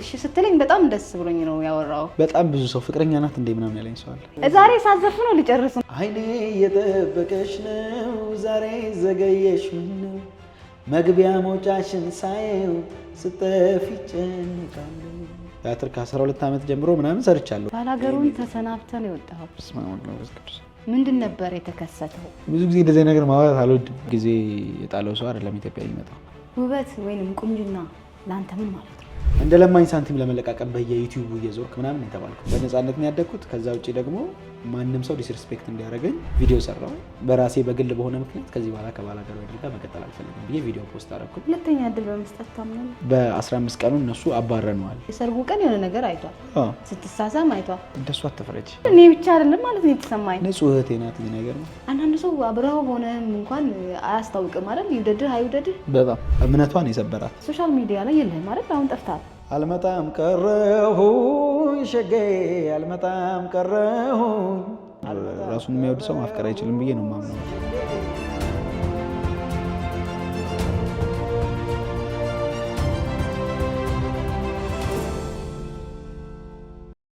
እሺ ስትለኝ በጣም ደስ ብሎኝ ነው ያወራው። በጣም ብዙ ሰው ፍቅረኛ ናት እንደ ምናምን ያለኝ ሰው አለ። ዛሬ ሳዘፍ ነው ልጨርስ። አይኔ እየጠበቀሽ ነው ዛሬ ዘገየሽ ነው መግቢያ መውጫሽን ሳየው ስጠፊ ጨንቃለሁ። ቲያትር ከአስራ ዓመት ጀምሮ ምናምን ሰርቻለሁ። ባላገሩን ተሰናብተን የወጣው ምንድን ነበር የተከሰተው? ብዙ ጊዜ እንደዚህ ነገር ማውራት አልወድም። ጊዜ የጣለው ሰው አይደለም ኢትዮጵያ ይመጣው። ውበት ወይንም ቁንጅና ለአንተ ምን ማለት ነው? እንደ ለማኝ ሳንቲም ለመለቃቀም በየዩቲዩቡ እየዞርክ ምናምን የተባልኩ በነፃነት ያደግኩት። ከዛ ውጭ ደግሞ ማንም ሰው ዲስሪስፔክት እንዲያደርገኝ ቪዲዮ ሰራው። በራሴ በግል በሆነ ምክንያት ከዚህ በኋላ ከባላገሩ አድርጋ መቀጠል አልፈልግም ብዬ ቪዲዮ ፖስት አደረኩ። ሁለተኛ እድል በመስጠት ታምናል። በ15 ቀኑ እነሱ አባረነዋል። የሰርጉ ቀን የሆነ ነገር አይቷል፣ ስትሳሳም አይቷል። እንደሱ አትፍረጅ። እኔ ብቻ አይደለም ማለት ነው የተሰማኝ። ንጹህ እህቴ ናት። ይህ ነገር ነው። አንዳንድ ሰው አብረው ሆነም እንኳን አያስታውቅም አይደል? ይውደድህ አይውደድህ። በጣም እምነቷን የሰበራት ሶሻል ሚዲያ ላይ የለህም አይደል? አሁን ጠፍታል አልመጣም ቀረሁኝ ሸጋዬ አልመጣም ቀረሁኝ። ራሱን የሚወድ ሰው ማፍቀር አይችልም ብዬ ነው የማምነው።